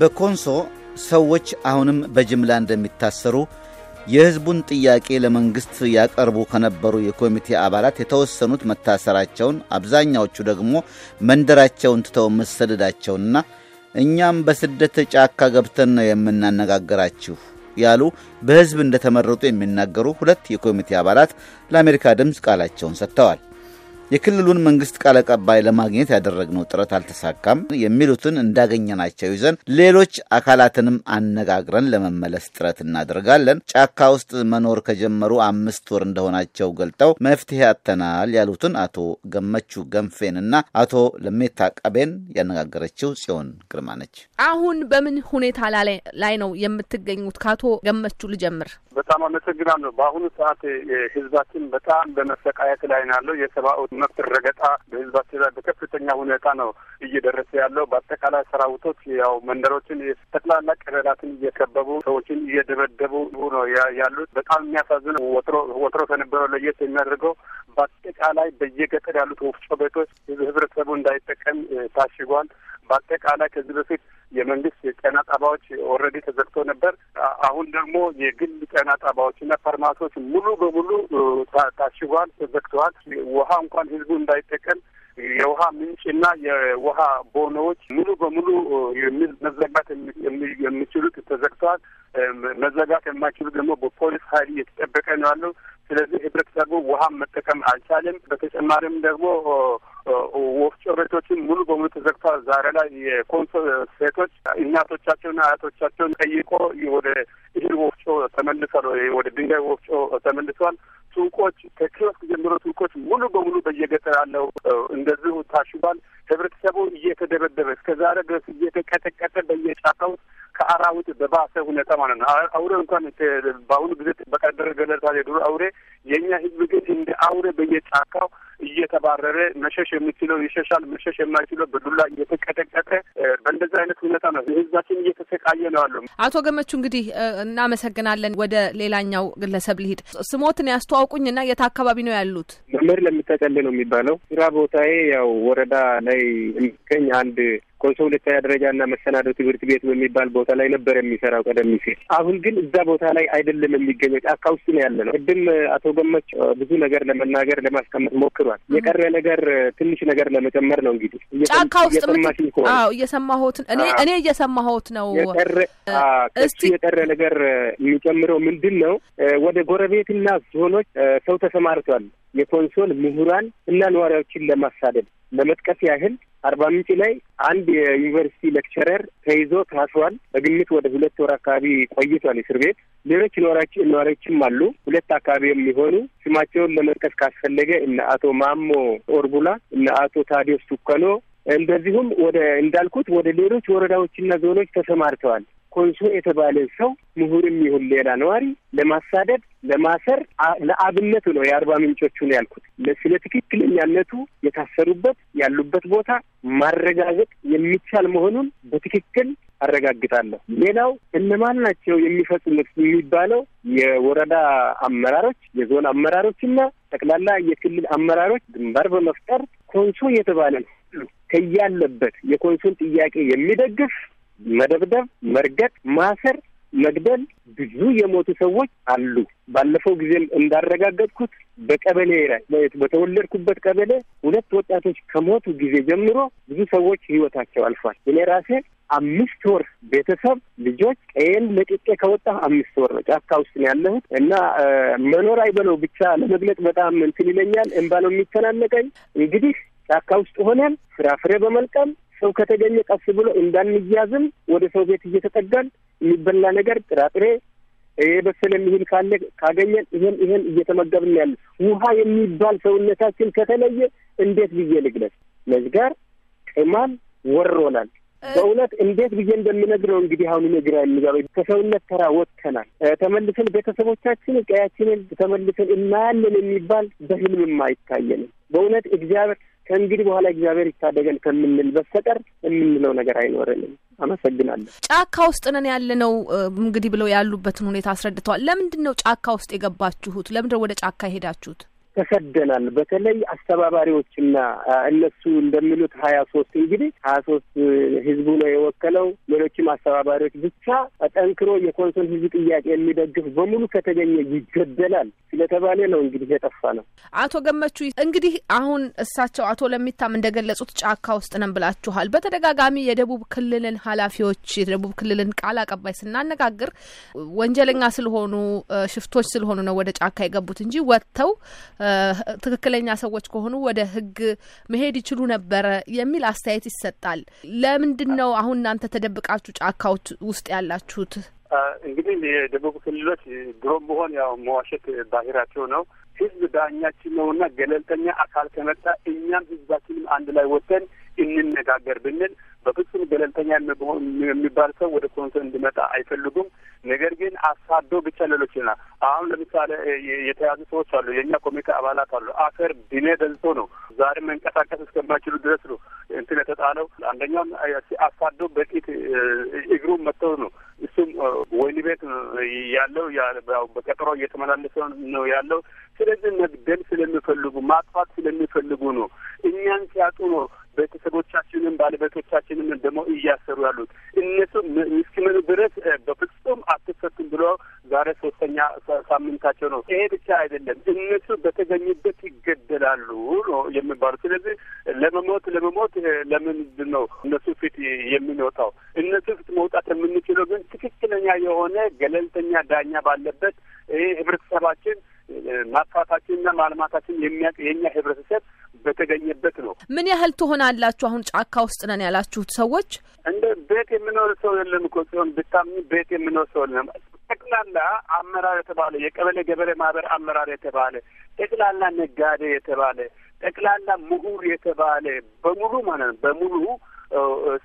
በኮንሶ ሰዎች አሁንም በጅምላ እንደሚታሰሩ የሕዝቡን ጥያቄ ለመንግሥት ያቀርቡ ከነበሩ የኮሚቴ አባላት የተወሰኑት መታሰራቸውን፣ አብዛኛዎቹ ደግሞ መንደራቸውን ትተው መሰደዳቸውንና እኛም በስደት ጫካ ገብተን ነው የምናነጋገራችሁ ያሉ በሕዝብ እንደተመረጡ የሚናገሩ ሁለት የኮሚቴ አባላት ለአሜሪካ ድምፅ ቃላቸውን ሰጥተዋል። የክልሉን መንግስት ቃል አቀባይ ለማግኘት ያደረግነው ጥረት አልተሳካም የሚሉትን እንዳገኘናቸው ይዘን ሌሎች አካላትንም አነጋግረን ለመመለስ ጥረት እናደርጋለን። ጫካ ውስጥ መኖር ከጀመሩ አምስት ወር እንደሆናቸው ገልጠው መፍትሄ አጥተናል ያሉትን አቶ ገመቹ ገንፌን እና አቶ ለሜታ ቀቤን ያነጋገረችው ጽዮን ግርማ ነች። አሁን በምን ሁኔታ ላይ ነው የምትገኙት? ከአቶ ገመቹ ልጀምር። በጣም አመሰግናለሁ። በአሁኑ ሰዓት ህዝባችን በጣም በመሰቃየት ላይ ነው ያለው የሰብአዊ መብት ረገጣ በህዝባችን አስተዳደር በከፍተኛ ሁኔታ ነው እየደረሰ ያለው። በአጠቃላይ ሰራዊቶች ያው መንደሮችን ጠቅላላ ቀበላትን እየከበቡ ሰዎችን እየደበደቡ ነው ያሉት። በጣም የሚያሳዝን ወትሮ ወትሮ ከነበረው ለየት የሚያደርገው በአጠቃላይ በየገጠር ያሉት ወፍጮ ቤቶች ህብረተሰቡ እንዳይጠቀም ታሽጓል። በአጠቃላይ ከዚህ በፊት የመንግስት የጤና ጣቢያዎች ኦልሬዲ ተዘግቶ ነበር። አሁን ደግሞ የግል ጤና ጣቢያዎችና ፋርማሲዎች ሙሉ በሙሉ ታሽጓል፣ ተዘግተዋል። ውሃ እንኳን ህዝቡ እንዳይጠቀም የውሃ ምንጭና የውሃ ቦኖዎች ሙሉ በሙሉ መዘጋት የሚችሉት ተዘግተዋል። መዘጋት የማይችሉ ደግሞ በፖሊስ ኃይል እየተጠበቀ ነው ያለው። ስለዚህ ህብረተሰቡ ውሃም መጠቀም አልቻለም። በተጨማሪም ደግሞ ወፍጮ ቤቶችን ሙሉ በሙሉ ተዘግቷል። ዛሬ ላይ የኮንሶ ሴቶች እናቶቻቸውና አያቶቻቸውን ጠይቆ ወደ እህል ወፍጮ ተመልሷል፣ ወደ ድንጋይ ወፍጮ ተመልሷል። ሱቆች ከኪዮስክ ጀምሮ ሱቆች ሙሉ በሙሉ በየገጠር ያለው እንደዚሁ ታሽጓል። ህብረተሰቡ እየተደበደበ እስከ ዛሬ ድረስ እየተቀጠቀጠ በየጫካው ከአራዊት በባሰ ሁኔታ ማለት ነው። አውሬ እንኳን በአሁኑ ጊዜ ጥበቃ ይደረግለታል የዱር አውሬ። የእኛ ህዝብ ግን እንደ አውሬ በየጫካው እየተባረረ መሸሽ የሚችለው ይሸሻል፣ መሸሽ የማይችለው በዱላ እየተቀጠቀጠ በእንደዚህ አይነት ሁኔታ ነው ህዝባችን እየተሰቃየ ነው ያለው። አቶ ገመቹ እንግዲህ እናመሰግናለን። ወደ ሌላኛው ግለሰብ ልሂድ። ስሞትን ያስተዋውቁኝ የት አካባቢ ነው ያሉት? መምህር ለሚተቀል ነው የሚባለው ስራ ቦታዬ ያው ወረዳ ላይ የሚገኝ አንድ ኮንሶ ሁለተኛ ደረጃና መሰናዶ ትምህርት ቤት በሚባል ቦታ ላይ ነበር የሚሰራው ቀደም ሲል። አሁን ግን እዛ ቦታ ላይ አይደለም የሚገኘው፣ ጫካ ውስጥ ነው ያለ ነው። ቅድም አቶ ገመች ብዙ ነገር ለመናገር ለማስቀመጥ ሞክሯል። የቀረ ነገር ትንሽ ነገር ለመጨመር ነው እንግዲህ ጫካ ውስጥ እየሰማሁት እኔ እኔ እየሰማሁት ነው። እስቲ የቀረ ነገር የሚጨምረው ምንድን ነው? ወደ ጎረቤትና ዞኖች ሰው ተሰማርቷል። የኮንሶል ምሁራን እና ነዋሪዎችን ለማሳደድ ለመጥቀስ ያህል አርባ ምንጭ ላይ አንድ የዩኒቨርሲቲ ሌክቸረር ተይዞ ታስሯል። በግምት ወደ ሁለት ወር አካባቢ ቆይቷል እስር ቤት። ሌሎች ነዋሪዎችም አሉ፣ ሁለት አካባቢ የሚሆኑ ስማቸውን ለመጥቀስ ካስፈለገ እነ አቶ ማሞ ኦርቡላ፣ እነ አቶ ታዲዮስ ቱከኖ እንደዚሁም ወደ እንዳልኩት ወደ ሌሎች ወረዳዎችና ዞኖች ተሰማርተዋል። ኮንሶ የተባለ ሰው ምሁርም ይሁን ሌላ ነዋሪ ለማሳደድ፣ ለማሰር ለአብነት ነው የአርባ ምንጮቹን ያልኩት። ስለ ትክክለኛነቱ የታሰሩበት ያሉበት ቦታ ማረጋገጥ የሚቻል መሆኑን በትክክል አረጋግጣለሁ። ሌላው እነማን ናቸው የሚፈጽሙት የሚባለው የወረዳ አመራሮች፣ የዞን አመራሮችና ጠቅላላ የክልል አመራሮች ግንባር በመፍጠር ኮንሶ የተባለ ከያለበት የኮንሶን ጥያቄ የሚደግፍ መደብደብ፣ መርገጥ፣ ማሰር፣ መግደል ብዙ የሞቱ ሰዎች አሉ። ባለፈው ጊዜም እንዳረጋገጥኩት በቀበሌ በተወለድኩበት ቀበሌ ሁለት ወጣቶች ከሞቱ ጊዜ ጀምሮ ብዙ ሰዎች ህይወታቸው አልፏል። እኔ ራሴ አምስት ወር ቤተሰብ ልጆች ቀየን ለቅቄ ከወጣ አምስት ወር ነው። ጫካ ውስጥ ነው ያለሁት እና መኖር አይበለው ብቻ ለመግለጽ በጣም እንትን ይለኛል። እምባ ነው የሚተናነቀኝ። እንግዲህ ጫካ ውስጥ ሆነን ፍራፍሬ በመልቀም ሰው ከተገኘ ቀስ ብሎ እንዳንያዝም ወደ ሰው ቤት እየተጠጋን የሚበላ ነገር ጥራጥሬ የበሰለ የሚህል ካለ ካገኘን ይሄን ይሄን እየተመገብን ያለ ውሃ የሚባል ሰውነታችን ከተለየ እንዴት ብዬ ልግለጽ? መዝጋር ቅማል ወሮናል። በእውነት እንዴት ብዬ እንደምነግረው እንግዲህ አሁን እኔ የሚገባ ከሰውነት ተራ ወጥተናል። ተመልሰን ቤተሰቦቻችን ቀያችንን ተመልሰን እናያለን የሚባል በህልምም አይታየንም። በእውነት እግዚአብሔር ከእንግዲህ በኋላ እግዚአብሔር ይታደገን ከምንል በስተቀር የምንለው ነገር አይኖረንም። አመሰግናለሁ። ጫካ ውስጥ ነን ያለነው እንግዲህ ብለው ያሉበትን ሁኔታ አስረድተዋል። ለምንድን ነው ጫካ ውስጥ የገባችሁት? ለምንድን ነው ወደ ጫካ የሄዳችሁት? ተሰደናል። በተለይ አስተባባሪዎችና እነሱ እንደሚሉት ሀያ ሶስት እንግዲህ ሀያ ሶስት ህዝቡ ነው የወከለው። ሌሎችም አስተባባሪዎች ብቻ ጠንክሮ የኮንሶን ህዝብ ጥያቄ የሚደግፍ በሙሉ ከተገኘ ይገደላል ስለተባለ ነው እንግዲህ የጠፋ ነው። አቶ ገመቹ እንግዲህ አሁን እሳቸው አቶ ለሚታም እንደገለጹት ጫካ ውስጥ ነን ብላችኋል። በተደጋጋሚ የደቡብ ክልልን ኃላፊዎች የደቡብ ክልልን ቃል አቀባይ ስናነጋግር ወንጀለኛ ስለሆኑ ሽፍቶች ስለሆኑ ነው ወደ ጫካ የገቡት እንጂ ወጥተው ትክክለኛ ሰዎች ከሆኑ ወደ ህግ መሄድ ይችሉ ነበረ የሚል አስተያየት ይሰጣል። ለምንድን ነው አሁን እናንተ ተደብቃችሁ ጫካዎች ውስጥ ያላችሁት? እንግዲህ የደቡብ ክልሎች ድሮም ቢሆን ያው መዋሸት ባህሪያቸው ነው። ህዝብ ዳኛችን ነውና ገለልተኛ አካል ከመጣ እኛም ህዝባችንም አንድ ላይ ወጥተን እንነጋገር ብንል በፍጹም ገለልተኛ የሚባል ሰው ወደ ኮንሶ እንዲመጣ አይፈልጉም። ነገር ግን አሳዶ ብቻ ሌሎች ና አሁን ለምሳሌ የተያዙ ሰዎች አሉ፣ የእኛ ኮሚቴ አባላት አሉ። አፈር ድኔ ደልቶ ነው ዛሬ መንቀሳቀስ እስከማይችሉ ድረስ ነው እንትን የተጣለው። አንደኛውም አሳዶ በቂት እግሩ መጥተው ነው። እሱም ወህኒ ቤት ያለው በቀጠሮ እየተመላለሰ ነው ያለው። ስለዚህ መግደል ስለሚፈልጉ ማጥፋት ስለሚፈልጉ ነው። እኛን ሲያጡ ነው ቤተሰቦቻችንም ባለቤቶቻችንም ደግሞ እያሰሩ ያሉት እነሱ ምስኪመኑ ድረስ በፍጹም አትፈቱም ብሎ ዛሬ ሶስተኛ ሳምንታቸው ነው። ይሄ ብቻ አይደለም፣ እነሱ በተገኙበት ይገደላሉ ነው የሚባሉ። ስለዚህ ለመሞት ለመሞት ለምንድን ነው እነሱ ፊት የምንወጣው? እነሱ ፊት መውጣት የምንችለው ግን ትክክለኛ የሆነ ገለልተኛ ዳኛ ባለበት ይህ ህብረተሰባችን ማጥፋታችንና ማልማታችን የሚያ የኛ ህብረተሰብ በተገኘበት ነው። ምን ያህል ትሆናላችሁ? አሁን ጫካ ውስጥ ነን ያላችሁት ሰዎች እንደ ቤት የምኖር ሰው የለም እኮ ሲሆን ብታምኝ ቤት የምኖር ሰው የለም። ጠቅላላ አመራር የተባለ የቀበሌ ገበሬ ማህበር አመራር የተባለ ጠቅላላ ነጋዴ የተባለ ጠቅላላ ምሁር የተባለ በሙሉ ማለት ነው በሙሉ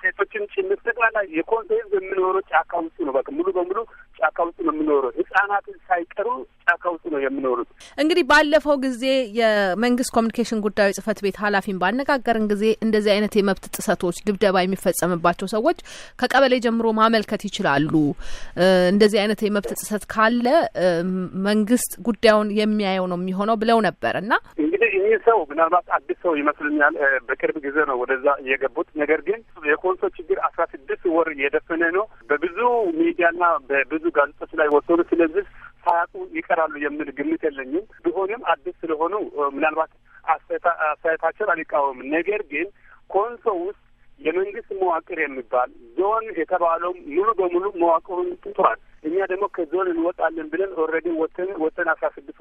ሴቶችን ጭምር ጠቅላላ የኮንሶ ህዝብ የምኖረው ጫካ ውስጥ ነው። በቃ ሙሉ በሙሉ ጫካ ውስጥ ነው የምኖረው። ህጻናትን ሳይቀሩ ጫካ ውስጥ ነው የምኖሩት። እንግዲህ ባለፈው ጊዜ የመንግስት ኮሚኒኬሽን ጉዳዮች ጽህፈት ቤት ኃላፊን ባነጋገርን ጊዜ እንደዚህ አይነት የመብት ጥሰቶች፣ ድብደባ የሚፈጸምባቸው ሰዎች ከቀበሌ ጀምሮ ማመልከት ይችላሉ። እንደዚህ አይነት የመብት ጥሰት ካለ መንግስት ጉዳዩን የሚያየው ነው የሚሆነው ብለው ነበር እና እንግዲህ ይህ ሰው ምናልባት አዲስ ሰው ይመስልኛል። በቅርብ ጊዜ ነው ወደዛ የገቡት ነገር ግን ግን የኮንሶ ችግር አስራ ስድስት ወር የደፈነ ነው። በብዙ ሚዲያና በብዙ ጋዜጦች ላይ ወሰኑ። ስለዚህ ሳያጡ ይቀራሉ የሚል ግምት የለኝም። ቢሆንም አዲስ ስለሆኑ ምናልባት አስተያየታቸውን አልቃወም። ነገር ግን ኮንሶ ውስጥ የመንግስት መዋቅር የሚባል ዞን የተባለው ሙሉ በሙሉ መዋቅሩን ጥቷል። እኛ ደግሞ ከዞን እንወጣለን ብለን ኦልሬዲ ወተን ወተን አስራ ስድስት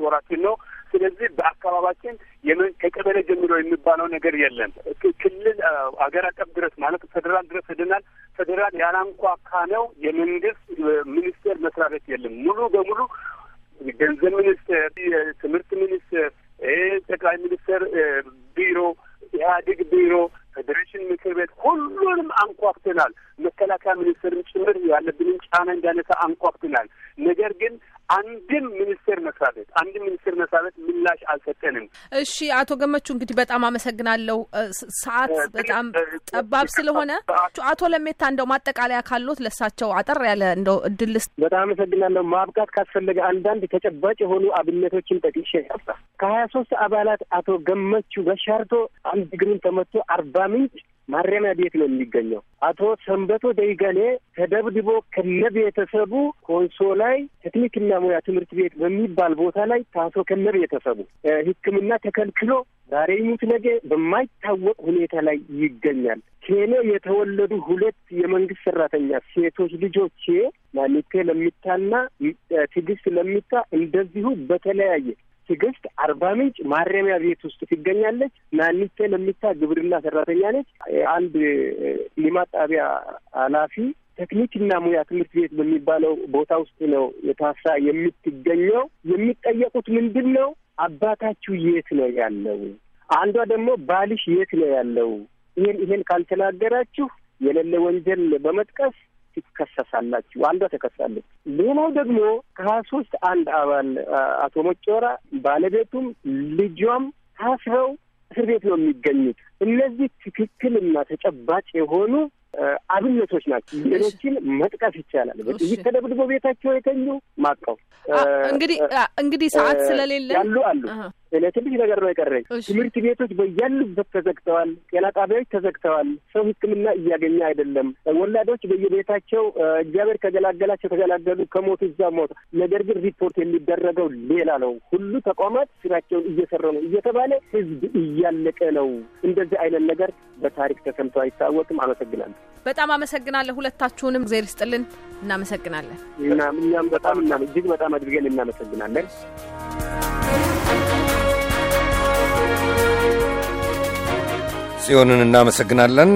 የሚባለው ነገር የለም። ክልል አገር አቀፍ ድረስ ማለት ፌዴራል ድረስ ሄደናል። ፌዴራል ያላንኳካ ነው። የመንግስት ሚኒስቴር መስሪያ ቤት የለም። ሙሉ በሙሉ ገንዘብ ሚኒስቴር፣ የትምህርት ሚኒስቴር፣ ጠቅላይ ሚኒስቴር ቢሮ፣ ኢህአዴግ ቢሮ፣ ፌዴሬሽን ምክር ቤት ሁሉንም አንኳክትናል መከላከያ ሚኒስትርን ጭምር ያለብንን ጫና እንዳነሳ አንኳክትናል። ነገር ግን አንድም ሚኒስቴር መስሪያ ቤት አንድም ሚኒስቴር መስሪያ ቤት ምላሽ አልሰጠንም። እሺ አቶ ገመቹ እንግዲህ በጣም አመሰግናለሁ። ሰዓት በጣም ጠባብ ስለሆነ አቶ ለሜታ እንደው ማጠቃለያ ካሉት ለሳቸው አጠር ያለ እንደው እድል ስ በጣም አመሰግናለሁ። ማብቃት ካስፈለገ አንዳንድ ተጨባጭ የሆኑ አብነቶችን ጠቅሼ ከሀያ ሶስት አባላት አቶ ገመቹ በሻርቶ አንድ እግሩን ተመቶ አርባ ምንጭ ማረሚያ ቤት ነው የሚገኘው። አቶ ሰንበቶ ደይገኔ ተደብድቦ ከነቤተሰቡ ኮንሶ ላይ ቴክኒክና ሙያ ትምህርት ቤት በሚባል ቦታ ላይ ታሶ ቤተሰቡ ሕክምና ተከልክሎ ዛሬ ይሙት ነገ በማይታወቅ ሁኔታ ላይ ይገኛል። ኬኔ የተወለዱ ሁለት የመንግስት ሰራተኛ ሴቶች ልጆቼ ማኒቴ ለሚታና ትግስት ለሚታ እንደዚሁ በተለያየ ትዕግስት አርባ ምንጭ ማረሚያ ቤት ውስጥ ትገኛለች። ናኒቴ ለሚታ ግብርና ሰራተኛ ነች። አንድ ሊማት ጣቢያ ኃላፊ ቴክኒክና ሙያ ትምህርት ቤት በሚባለው ቦታ ውስጥ ነው የታሳ የምትገኘው። የሚጠየቁት ምንድን ነው? አባታችሁ የት ነው ያለው? አንዷ ደግሞ ባልሽ የት ነው ያለው? ይሄን ይሄን ካልተናገራችሁ የሌለ ወንጀል በመጥቀስ ትከሰሳላችሁ። አንዷ ተከሳለች። ሌላው ደግሞ ከሀያ ሶስት አንድ አባል አቶ መጮራ ባለቤቱም ልጇም ታስረው እስር ቤት ነው የሚገኙት። እነዚህ ትክክልና ተጨባጭ የሆኑ አብነቶች ናቸው። ሌሎችን መጥቀስ ይቻላል። በዚህ ተደብድቦ ቤታቸው የተኙ ማቀው እንግዲህ እንግዲህ ሰዓት ስለሌለ ያሉ አሉ ትንሽ ነገር ነው የቀረኝ። ትምህርት ቤቶች በያሉበት ተዘግተዋል። ጤና ጣቢያዎች ተዘግተዋል። ሰው ሕክምና እያገኘ አይደለም። ወላዶች በየቤታቸው እግዚአብሔር ከገላገላቸው ተገላገሉ፣ ከሞቱ እዛ ሞት። ነገር ግን ሪፖርት የሚደረገው ሌላ ነው። ሁሉ ተቋማት ስራቸውን እየሰሩ ነው እየተባለ ህዝብ እያለቀ ነው። እንደዚህ አይነት ነገር በታሪክ ተሰምቶ አይታወቅም። አመሰግናለሁ። በጣም አመሰግናለሁ። ሁለታችሁንም እግዜር ይስጥልን። እናመሰግናለን። እኛም በጣም እጅግ በጣም አድርገን እናመሰግናለን። ጽዮንን እናመሰግናለን።